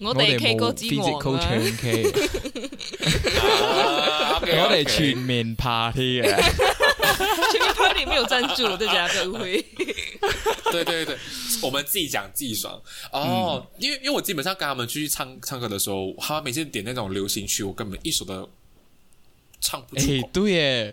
我哋 K 歌之王啊！我哋全面 party 啊！全面 party 沒有贊助，再加上會，對對對，我們自己講自己爽哦！嗯、因為因為我基本上跟他們出去唱唱歌的時候，他們每次點那種流行曲，我根本一首都唱不出、欸。對誒。